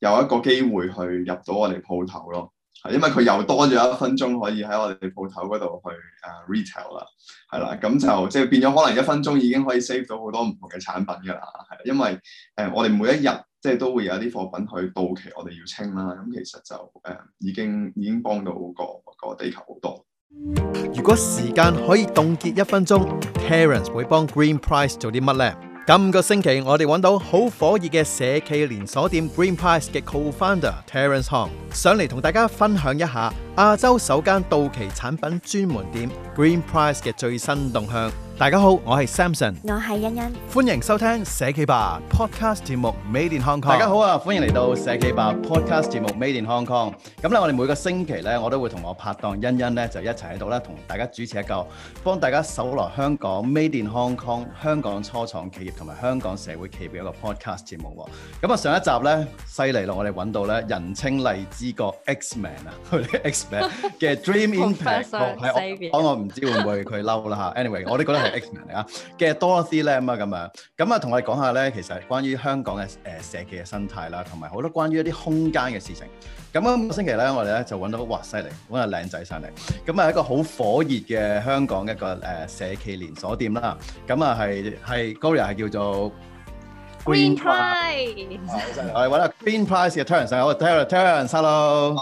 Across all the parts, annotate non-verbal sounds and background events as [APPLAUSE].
有一個機會去入到我哋鋪頭咯，係因為佢又多咗一分鐘可以喺我哋鋪頭嗰度去誒 retail 啦，係啦，咁就即係變咗可能一分鐘已經可以 save 到好多唔同嘅產品㗎啦，係因為誒我哋每一日即係都會有啲貨品去到期我哋要清啦，咁其實就誒已經已經幫到個個地球好多。如果時間可以凍結一分鐘，Terence 會幫 Green Price 做啲乜咧？今個星期，我哋揾到好火熱嘅社企連鎖店 Green Price 嘅 co-founder Terence Hong 上嚟同大家分享一下亞洲首間到期產品專門店 Green Price 嘅最新動向。大家好，我係 Samson，我係欣欣，歡迎收聽社企吧 Podcast 節目 Made in Hong Kong。大家好啊，歡迎嚟到社企吧 Podcast 節目 Made in Hong Kong。咁咧，我哋每個星期咧，我都會同我拍檔欣欣咧，就一齊喺度咧，同大家主持一個，幫大家搜羅香港 Made in Hong Kong 香港初創企業同埋香港社會企業嘅一個 Podcast 節目。咁啊，上一集咧，犀利咯，我哋揾到咧，人稱荔枝角 Xman 啊，佢啲 Xman 嘅 Dream Impact，我唔知會唔會佢嬲啦吓。Anyway，我哋覺得啊，嘅多啲咧，咁啊咁啊，咁啊同我哋講下咧，其實關於香港嘅誒、呃、社企嘅生態啦，同埋好多關於一啲空間嘅事情。咁啊，星期咧，我哋咧就揾到，哇犀利，揾個靚仔上嚟。咁啊，一個好火熱嘅香港一個誒、呃、社企連鎖店啦。咁啊係係 Gloria 係叫做 Green Price。我哋揾啊 Green Price 嘅 Terence，好 Terence，Terence，hello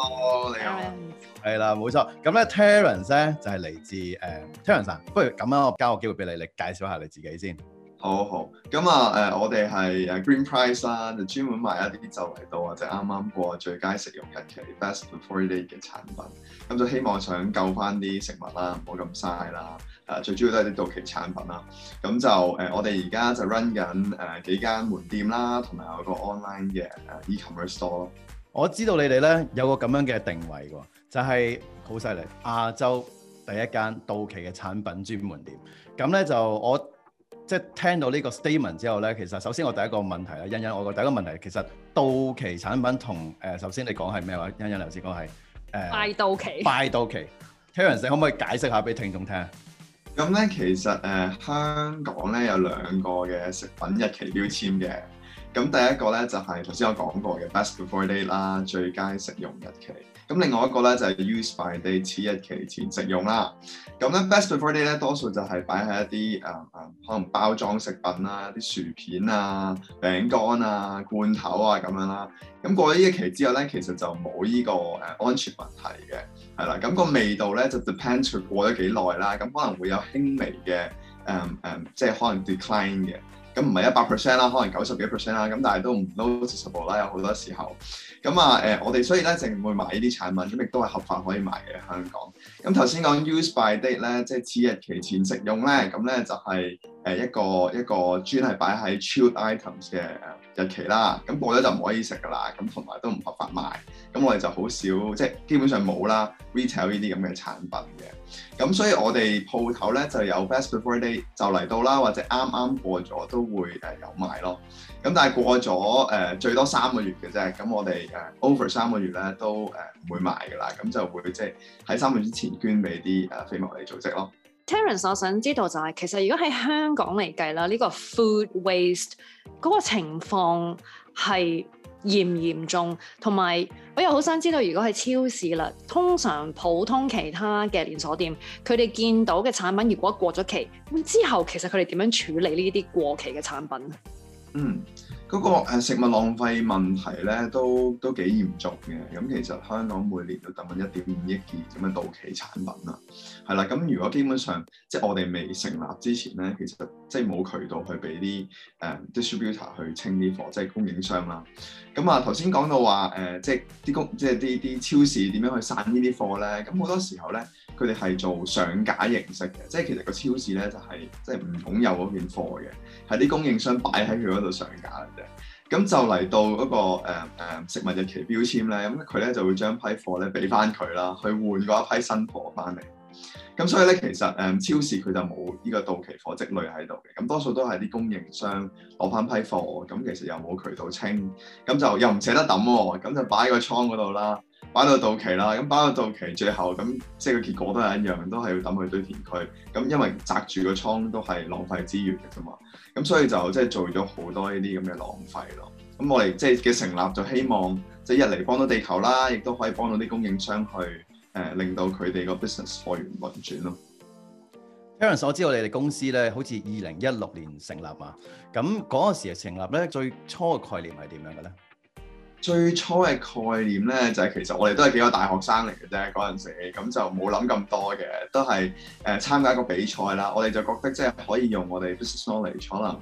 係啦，冇錯。咁咧，Terence 咧就係、是、嚟自誒、呃、Terence，、啊、不如咁樣，我交個機會俾你，你介紹下你自己先。好好，咁啊誒、呃，我哋係誒 Green Price 啦，就專門賣一啲就嚟到或者啱啱過最佳食用日期 （best before date） 嘅產品。咁就希望想救翻啲食物啦，唔好咁嘥啦。誒、啊，最主要都係啲到期產品啦。咁就誒、呃，我哋而家就 run 緊誒幾間門店啦，同埋有個 online 嘅誒 E-commerce store。我知道你哋咧有個咁樣嘅定位㗎、啊。就係好犀利，亞洲第一間到期嘅產品專門店。咁咧就我即係聽到呢個 statement 之後咧，其實首先我第一個問題咧，欣欣，我個第一個問題其實到期產品同誒、呃，首先你講係咩話？欣欣老師講係誒快到期，快到期。Taylor 你可唔可以解釋下俾聽眾聽？咁咧其實誒、呃、香港咧有兩個嘅食品日期標籤嘅，咁第一個咧就係頭先我講過嘅 best before date 啦，最佳食用日期。咁另外一個咧就係、是、use by date 此日期前食用啦。咁咧 best before date 咧多數就係擺喺一啲誒誒可能包裝食品啦、啲薯片啊、餅乾啊、罐頭啊咁樣啦。咁過咗呢一期之後咧，其實就冇呢個誒安全問題嘅，係啦。咁、那個味道咧就 depends on 過咗幾耐啦，咁可能會有輕微嘅誒誒，即係可能 decline 嘅。咁唔係一百 percent 啦，可能九十幾 percent 啦，咁但係都唔 low 啦，有好多時候。咁啊，誒、呃，我哋所以咧淨會買呢啲產品，咁亦都係合法可以買嘅香港。咁頭先講 use by date 咧，即係此日期前食用咧，咁咧就係誒一個一個專係擺喺 chilled items 嘅日期啦。咁過咗就唔可以食噶啦，咁同埋都唔合法賣。咁我哋就好少，即係基本上冇啦 retail 呢啲咁嘅產品嘅。咁所以我哋鋪頭咧就有 best before date 就嚟到啦，或者啱啱過咗都。會誒有賣咯，咁但係過咗誒、呃、最多三個月嘅啫，咁我哋誒 over 三個月咧都誒唔會賣噶啦，咁就會即係喺三個月之前捐俾啲誒非牟利組織咯。Terence，我想知道就係，其實如果喺香港嚟計啦，呢個 food waste 嗰個情況係嚴唔嚴重，同埋我又好想知道，如果喺超市啦，通常普通其他嘅連鎖店，佢哋見到嘅產品如果過咗期，咁之後其實佢哋點樣處理呢啲過期嘅產品？嗯。嗰個食物浪費問題咧，都都幾嚴重嘅。咁其實香港每年都等緊一點五億件咁嘅到期產品啦。係啦，咁如果基本上即係我哋未成立之前咧，其實即係冇渠道去俾啲誒、嗯、distributor 去清啲貨，即係供應商啦。咁啊頭先講到話誒、呃，即係啲供即係啲啲超市點樣去散呢啲貨咧？咁好多時候咧，佢哋係做上架形式嘅，即係其實個超市咧就係、是、即係唔擁有嗰件貨嘅，係啲供應商擺喺佢嗰度上架嘅。咁就嚟到嗰個誒食物日期標籤咧，咁佢咧就會將批貨咧俾翻佢啦，去換過一批新貨翻嚟。咁所以咧其實誒、嗯、超市佢就冇呢個到期貨積累喺度嘅，咁多數都係啲供應商攞翻批貨，咁其實又冇渠道清，咁就又唔捨得抌喎，咁就擺喺個倉嗰度啦。擺到到期啦，咁擺到到期最後，咁即係個結果都係一樣，都係要抌去堆填區。咁因為擲住個倉都係浪費資源嘅啫嘛，咁所以就即係做咗好多呢啲咁嘅浪費咯。咁我哋即係嘅成立就希望，即係一嚟幫到地球啦，亦都可以幫到啲供應商去誒令到佢哋個 business 可以輪轉咯。Aaron，我知道你哋公司咧好似二零一六年成立嘛，咁嗰個時成立咧最初嘅概念係點樣嘅咧？最初嘅概念咧，就係、是、其實我哋都係幾個大學生嚟嘅啫，嗰陣時咁就冇諗咁多嘅，都係誒、呃、參加一個比賽啦。我哋就覺得即係可以用我哋 business knowledge 可能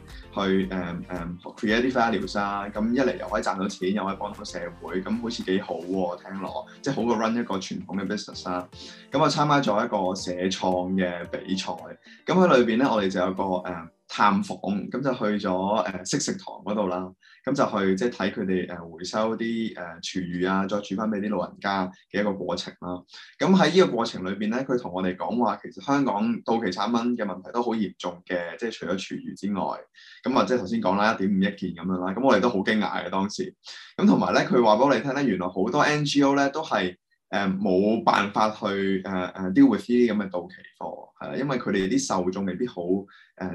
去誒誒、呃呃、create 啲 values 啦。咁一嚟又可以賺到錢，又可以幫到社會，咁好似幾好喎、啊。聽落即係好過 run 一個傳統嘅 business 啦、啊。咁我參加咗一個社創嘅比賽，咁喺裏邊咧，我哋就有個誒、呃、探訪，咁就去咗誒識食堂嗰度啦。咁就去即係睇佢哋誒回收啲誒廚餘啊，再煮翻俾啲老人家嘅一個過程咯。咁喺呢個過程裏邊咧，佢同我哋講話，其實香港到期產品嘅問題都好嚴重嘅，即係除咗廚餘之外，咁啊即係頭先講啦，一點五億件咁樣啦。咁我哋都好驚訝嘅當時。咁同埋咧，佢話俾我哋聽咧，原來好多 NGO 咧都係。誒冇辦法去誒誒 deal with 啲咁嘅到期貨，係因為佢哋啲受眾未必好誒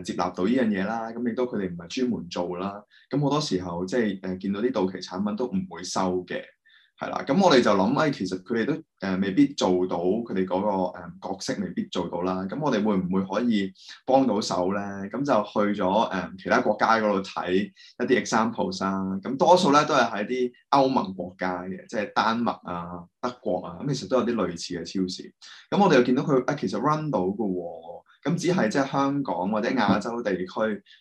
接納到呢樣嘢啦，咁亦都佢哋唔係專門做啦，咁好多時候即係誒見到啲到期產品都唔會收嘅。係啦，咁我哋就諗，哎，其實佢哋都誒未必做到佢哋嗰個、嗯、角色，未必做到啦。咁我哋會唔會可以幫到手咧？咁就去咗誒、嗯、其他國家嗰度睇一啲 examples。咁多數咧都係喺啲歐盟國家嘅，即係丹麥啊、德國啊，咁其實都有啲類似嘅超市。咁我哋又見到佢，哎，其實 run 到㗎喎。咁只係即係香港或者亞洲地區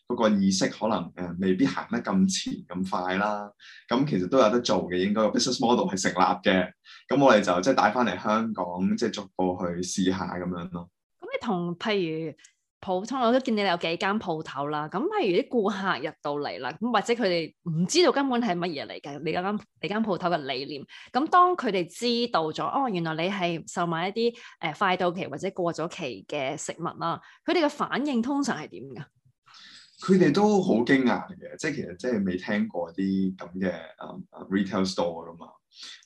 嗰個意識可能誒未必行得咁前咁快啦，咁其實都有得做嘅，應該個 business model 係成立嘅，咁我哋就即係帶翻嚟香港，即係逐步去試下咁樣咯。咁你同譬如？普通我都見你哋有幾間鋪頭啦，咁譬如啲顧客入到嚟啦，咁或者佢哋唔知道根本係乜嘢嚟嘅，你間你間鋪頭嘅理念，咁當佢哋知道咗，哦，原來你係售賣一啲誒快到期或者過咗期嘅食物啦，佢哋嘅反應通常係點噶？佢哋都好驚訝嘅，即係其實即係未聽過啲咁嘅啊 retail store 噶嘛，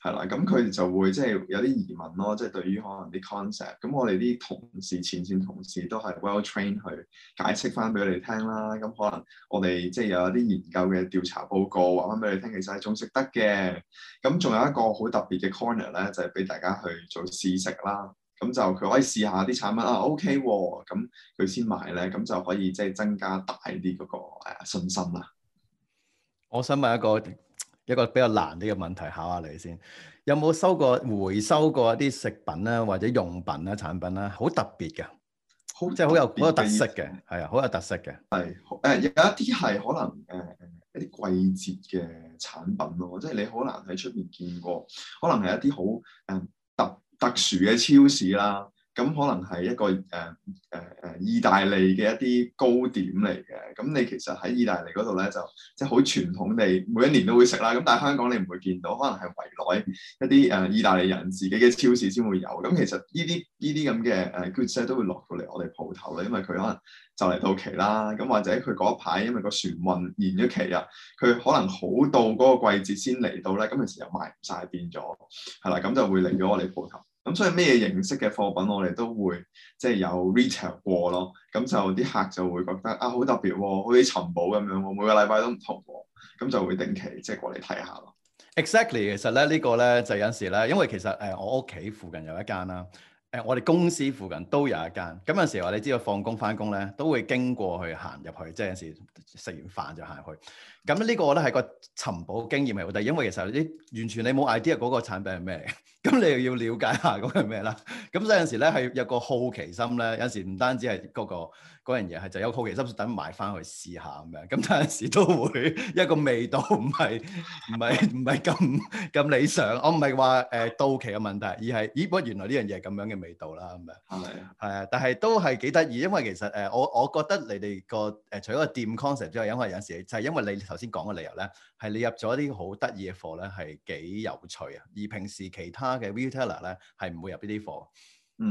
係啦，咁佢哋就會即係、就是、有啲疑問咯，即係對於可能啲 concept，咁我哋啲同事前線同事都係 well trained 去解釋翻俾佢哋聽啦，咁可能我哋即係有一啲研究嘅調查報告話翻俾你聽，其實係仲食得嘅，咁仲有一個好特別嘅 corner 咧，就係、是、俾大家去做試食啦。咁就佢可以試下啲產品啊，OK 喎，咁佢先買咧，咁就可以即係增加大啲嗰個信心啦。我想問一個一個比較難啲嘅問題，考下你先，有冇收過回收過一啲食品啦，或者用品啦、產品啦，好特別嘅，好即係好有好有特色嘅，係啊，好有特色嘅。係誒，有一啲係可能誒一啲季節嘅產品咯，即係、嗯、你好難喺出邊見過，可能係一啲好誒。嗯特殊嘅超市啦，咁可能係一個誒誒誒意大利嘅一啲糕點嚟嘅，咁你其實喺意大利嗰度咧就即係好傳統地每一年都會食啦，咁但係香港你唔會見到，可能係圍內一啲誒、呃、意大利人自己嘅超市先會有，咁其實呢啲呢啲咁嘅誒 goods 都會落到嚟我哋鋪頭啦，因為佢可能就嚟到期啦，咁或者佢嗰一排因為個船運延咗期啊，佢可能好到嗰個季節先嚟到咧，咁其實又賣唔晒，變咗係啦，咁就會令咗我哋鋪頭。咁、嗯、所以咩形式嘅貨品我哋都會即係有 retail 過咯，咁就啲客就會覺得啊好特別喎、啊，好似尋寶咁樣喎，每個禮拜都唔同喎、啊，咁就會定期即係過嚟睇下咯。Exactly，其實咧呢個咧就是、有陣時咧，因為其實誒我屋企附近有一間啦，誒我哋公司附近都有一間，咁有陣時我你知道放工返工咧都會經過去行入去，即、就、係、是、有陣時食完飯就行去。咁呢個咧係個尋寶經驗係好得意，因為其實啲完全你冇 idea 嘅嗰個產品係咩嚟？咁你又要了解下嗰個係咩啦。咁有陣時咧係有個好奇心咧，有陣時唔單止係嗰個嗰樣嘢係，就有好奇心等買翻去試下咁樣。咁有陣時都會一個味道唔係唔係唔係咁咁理想。我唔係話誒到期嘅問題，而係咦，不過原來呢樣嘢係咁樣嘅味道啦咁樣。係啊，但係都係幾得意，因為其實誒、那個、我我覺得你哋個誒除咗個店 concept 之外，因為有陣時就係因為你。頭先講嘅理由咧，係你入咗啲好得意嘅貨咧，係幾有趣啊！而平時其他嘅 Retailer 咧，係唔會入呢啲貨，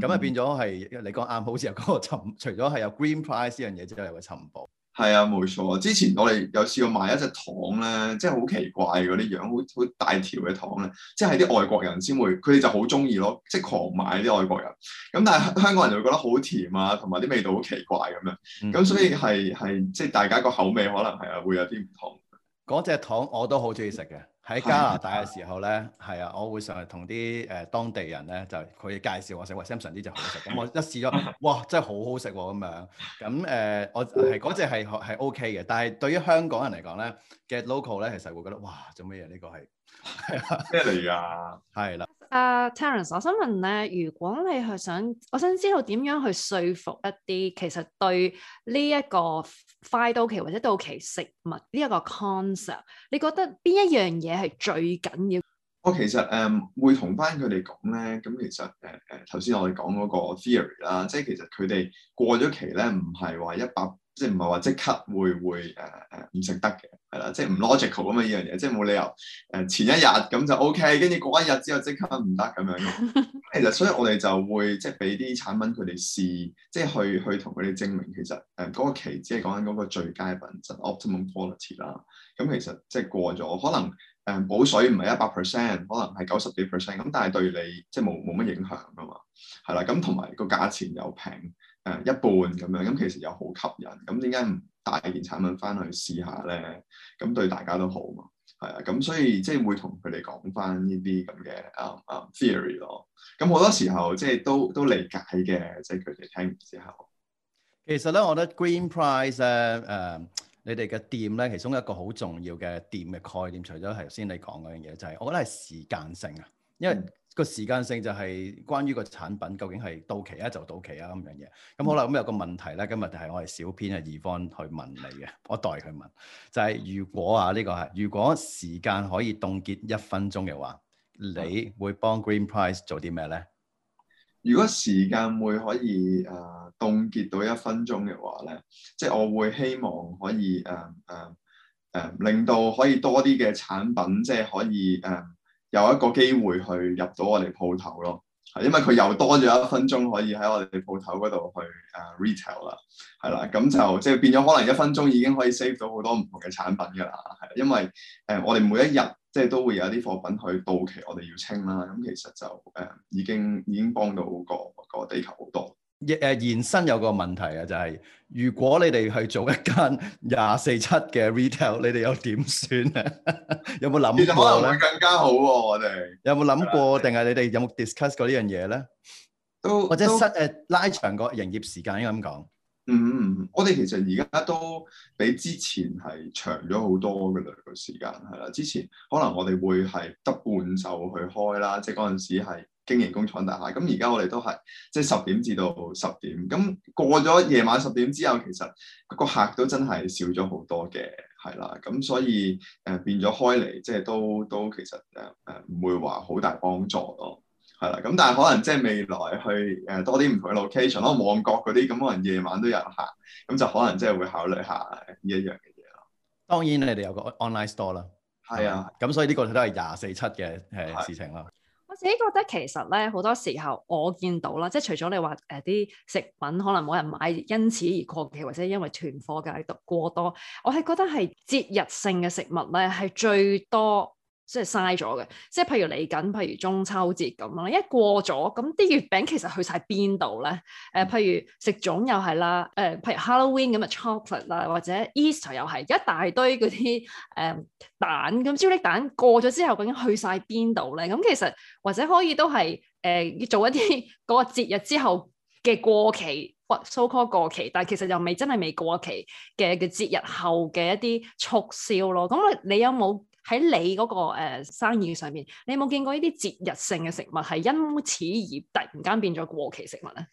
咁啊變咗係你講啱，好似有、那個尋，除咗係有 Green Price 呢樣嘢之外，有個尋寶。係啊，冇錯。之前我哋有試過買一隻糖咧，即係好奇怪嗰啲樣，好好大條嘅糖咧，即係啲外國人先會，佢哋就好鍾意咯，即係狂買啲外國人。咁但係香港人就會覺得好甜啊，同埋啲味道好奇怪咁樣。咁所以係係即係大家個口味可能係啊會有啲唔同。嗰隻糖我都好鍾意食嘅。喺加拿大嘅時候咧，係啊，啊，啊，我會成日同啲誒當地人咧，就佢介紹我食，哇，Samson 之就好食。咁我一試咗，哇，真係好好食喎咁樣。咁誒、呃，我係嗰隻係 OK 嘅，但係對於香港人嚟講咧嘅 local 咧，其實會覺得哇，做咩嘢呢個係咩嚟㗎？係啦、啊。 [LAUGHS] 啊、uh,，Terence，我想問咧，如果你係想，我想知道點樣去說服一啲其實對呢一個快到期或者到期食物呢一、這個 concept，你覺得邊一樣嘢係最緊要？我其實誒、um, 會同翻佢哋講咧，咁其實誒誒頭先我哋講嗰個 theory 啦，即係其實佢哋過咗期咧，唔係話一百。即係唔係話即刻會會誒誒唔食得嘅係啦，即係唔 logical 咁樣呢樣嘢，即係冇理由誒、呃、前一日咁就 OK，跟住過一日之後即刻唔得咁樣。其實所以我哋就會即係俾啲產品佢哋試，即係去去同佢哋證明其實誒嗰、呃嗰個期只係講緊嗰個最佳品質、就是、optimum quality 啦。咁、嗯、其實即係過咗，可能誒補、呃、水唔係一百 percent，可能係九十幾 percent 咁，但係對你即係冇冇乜影響噶嘛，係啦。咁同埋個價錢又平。誒一半咁樣，咁其實又好吸引。咁點解唔帶件產品翻去試下咧？咁對大家都好嘛？係啊，咁所以即係會同佢哋講翻呢啲咁嘅啊啊 theory 咯。咁好多時候即係都都理解嘅，即係佢哋聽完之後。其實咧，我覺得 Green Price 咧誒，你哋嘅店咧，其中一個好重要嘅店嘅概念，除咗係頭先你講嗰樣嘢，就係、是、我覺得係時間性啊，因為、嗯。個時間性就係關於個產品究竟係到期啊就到期啊咁樣嘢。咁好啦，咁有個問題咧，今日就係我係小編啊二方去問你嘅，我代佢問，就係、是、如果啊呢、這個係如果時間可以凍結一分鐘嘅話，你會幫 Green Price 做啲咩咧？如果時間會可以誒、呃、凍結到一分鐘嘅話咧，即、就、係、是、我會希望可以誒誒誒令到可以多啲嘅產品，即、就、係、是、可以誒。呃有一個機會去入到我哋鋪頭咯，係因為佢又多咗一分鐘可以喺我哋鋪頭嗰度去誒、uh, retail 啦，係啦，咁就即係變咗可能一分鐘已經可以 save 到好多唔同嘅產品㗎啦，係因為誒、uh, 我哋每一日即係都會有啲貨品去到期我哋要清啦，咁其實就誒、uh, 已經已經幫到個個地球好多。亦誒延有個問題啊，就係、是、如果你哋去做一間廿四七嘅 retail，你哋又點算啊？ [LAUGHS] 有冇諗過其實可能會更加好喎，我哋有冇諗過？定係的你哋有冇 discuss 過呢樣嘢咧？都或者失誒都拉長個營業時間應該咁講。嗯嗯，我哋其實而家都比之前係長咗好多嘅時間係啦。之前可能我哋會係得半晝去開啦，即係嗰陣時係。經營工廠大廈，咁而家我哋都係即係十點至到十點，咁過咗夜晚十點之後，其實個客都真係少咗好多嘅，係啦，咁所以誒、呃、變咗開嚟，即係都都其實誒誒唔會話好大幫助咯，係啦，咁但係可能即係未來去誒、呃、多啲唔同嘅 location 咯，旺角嗰啲咁可能夜晚都有客，咁就可能即係會考慮下呢一樣嘅嘢咯。當然你哋有個 online store 啦，係啊的，咁的所以呢個都係廿四七嘅誒事情啦。你覺得其實咧，好多時候我見到啦，即係除咗你話誒啲食品可能冇人買，因此而過期，或者因為囤貨嘅過多，我係覺得係節日性嘅食物咧係最多。即係嘥咗嘅，即係譬如嚟緊，譬如中秋節咁啦，一過咗，咁啲月餅其實去晒邊度咧？誒、呃，譬如食粽又係啦，誒、呃，譬如 Halloween 咁嘅 chocolate 啦，或者 Easter 又係一大堆嗰啲誒蛋咁，朱古力蛋過咗之後究竟去晒邊度咧？咁、嗯、其實或者可以都係要、呃、做一啲嗰個節日之後嘅過期，或 so called 過期，但係其實又未真係未過期嘅嘅節日後嘅一啲促銷咯。咁你有冇？喺你嗰個生意上面，你有冇見過呢啲節日性嘅食物係因此而突然間變咗過期食物咧？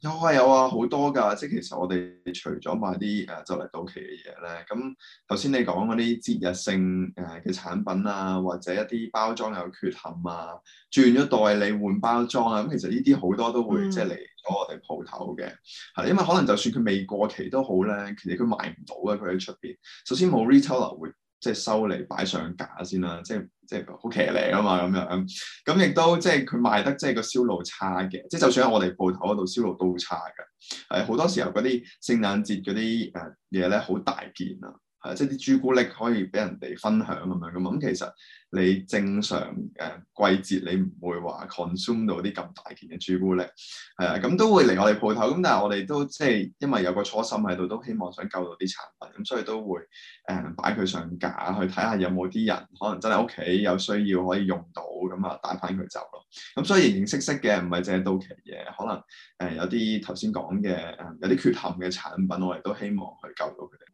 有啊有啊，好多噶。即係其實我哋除咗賣啲誒就嚟到期嘅嘢咧，咁頭先你講嗰啲節日性誒嘅產品啊，或者一啲包裝有缺陷啊，轉咗代理換包裝啊，咁其實呢啲好多都會、嗯、即係嚟咗我哋鋪頭嘅。係因為可能就算佢未過期都好咧，其實佢賣唔到嘅。佢喺出邊首先冇 retailer 會即係收嚟擺上架先啦，即係即係好騎呢啊嘛咁樣，咁亦都即係佢賣得即係個銷路差嘅，即係就算喺我哋鋪頭嗰度銷路都差嘅，係好多時候嗰啲聖誕節嗰啲誒嘢咧好大件啊。誒、啊，即係啲朱古力可以俾人哋分享咁樣咁，咁其實你正常誒季節，你唔會話 consume 到啲咁大件嘅朱古力，係啊，咁都會嚟我哋鋪頭。咁但係我哋都即係因為有個初心喺度，都希望想救到啲產品，咁所以都會誒擺佢上架，去睇下有冇啲人可能真係屋企有需要可以用到，咁啊帶翻佢走咯。咁、嗯、所以形形式式嘅，唔係淨係到期嘅，可能誒、嗯、有啲頭先講嘅有啲缺陷嘅產品，我哋都希望去救到佢哋。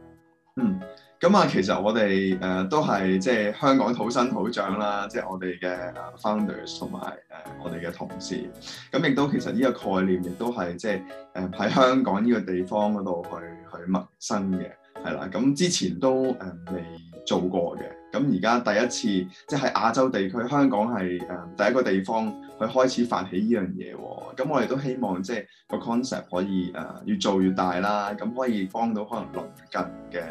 咁啊、嗯，其實我哋誒、呃、都係即係香港土生土長啦，即係我哋嘅 founders 同埋誒我哋嘅同事。咁、嗯、亦都其實呢個概念亦都係即係誒喺香港呢個地方嗰度去去陌生嘅係啦。咁之前都誒未、嗯、做過嘅，咁而家第一次即係喺亞洲地區，香港係誒、嗯、第一個地方去開始發起呢樣嘢。咁、嗯、我哋都希望即係個 concept 可以誒、呃、越做越大啦，咁、嗯、可以幫到可能鄰近嘅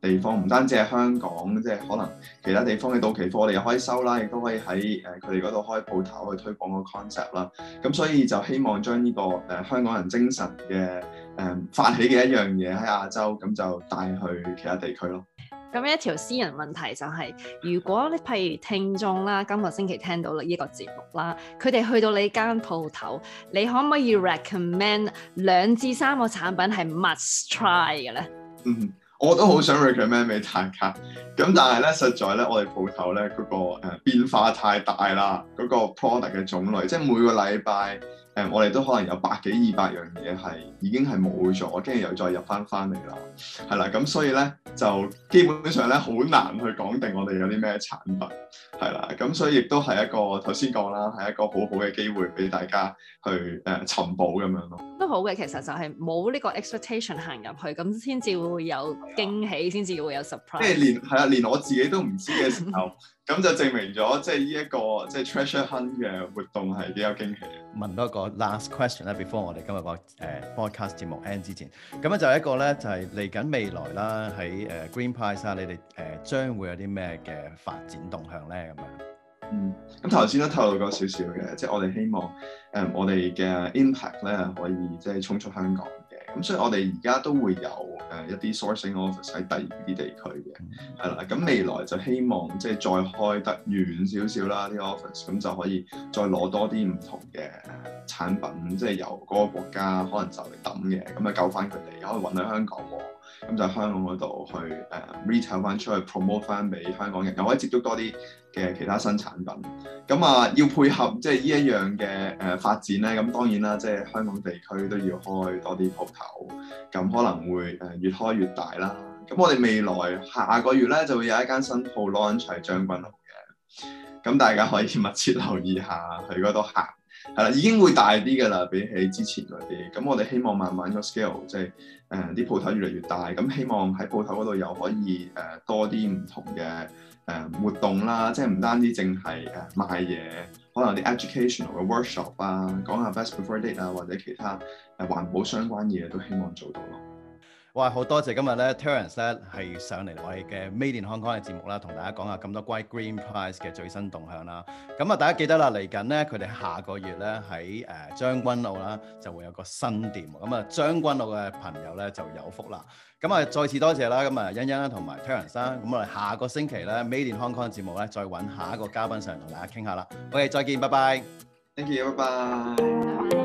地方唔單止係香港，即係可能其他地方嘅到期貨，我哋又可以收可以、呃、啦，亦都可以喺誒佢哋嗰度開鋪頭去推廣個 concept 啦。咁所以就希望將呢、這個誒、呃、香港人精神嘅誒、呃、發起嘅一樣嘢喺亞洲咁、嗯、就帶去其他地區咯。咁一條私人問題就係、是，如果你譬如聽眾啦，今個星期聽到呢個節目啦，佢哋去到你間鋪頭，你可唔可以 recommend 兩至三個產品係 must try 嘅咧？嗯。我都好想 recommend 俾大家，咁但係咧，實在咧，我哋鋪頭咧嗰個誒變化太大啦，嗰個 product 嘅種類，即係每個禮拜。誒，我哋都可能有百幾二百樣嘢係已經係冇咗，跟住又再入返返嚟啦，係啦，咁所以咧就基本上咧好難去講定我哋有啲咩產品，係啦，咁所以亦都係一個頭先講啦，係一個好好嘅機會俾大家去誒尋寶咁樣咯。都好嘅，其實就係冇呢個 expectation 行入去，咁先至會有驚喜，先至會有 surprise。即係連係啊，連我自己都唔知嘅時候。 [LAUGHS] 咁就證明咗，即係呢一個即係 treasure hunt 嘅活動係比較驚喜。問多一個 last question 咧，before 我哋今日個誒 podcast 節目 end 之前，咁咧就係一個咧，就係嚟緊未來啦，喺誒 GreenPrice 啦，你哋誒將會有啲咩嘅發展動向咧？咁樣嗯，咁頭先都透露咗少少嘅，即係我哋希望誒、um, 我哋嘅 impact 咧可以即係衝出香港。咁、嗯、所以我哋而家都會有誒、呃、一啲 sourcing office 喺第二啲地區嘅，係啦。咁未來就希望即係再開得遠少少啦，啲、這個、office 咁就可以再攞多啲唔同嘅產品，即係由嗰個國家可能就嚟抌嘅，咁啊救翻佢哋，又可以揾到香港喎。咁就香港嗰度去誒、呃、retail 翻出去 promote 翻俾香港人，又可以接觸多啲嘅其他新產品，咁啊要配合即係呢一樣嘅誒、呃、發展咧，咁當然啦，即係香港地區都要開多啲鋪頭，咁可能會誒越開越大啦。咁我哋未來下個月咧就會有一間新鋪 launch 喺將軍澳嘅，咁大家可以密切留意下佢嗰度行，係啦，已經會大啲嘅啦，比起之前嗰啲。咁我哋希望慢慢個 scale，即係誒啲鋪頭越嚟越大，咁希望喺鋪頭嗰度又可以誒、呃、多啲唔同嘅。誒、呃、活動啦，即係唔單止淨係誒賣嘢，可能啲 educational 嘅 workshop 啊，講下 best before date 啊，或者其他誒環、呃、保相關嘢，都希望做到咯。哇！好多謝今日咧，Terence 咧係上嚟我哋嘅 Made in Hong Kong 嘅節目啦，同大家講下咁多關於 Green Price 嘅最新動向啦。咁啊，大家記得啦，嚟緊咧佢哋下個月咧喺誒將軍澳啦就會有個新店，咁啊將軍澳嘅朋友咧就有福啦。咁啊，再次多謝啦，咁啊欣欣啦同埋 Terence 啦，咁我哋下個星期咧 Made in Hong Kong 節目咧再揾下一個嘉賓上嚟同大家傾下啦。OK，再見，拜拜。Thank you，拜拜。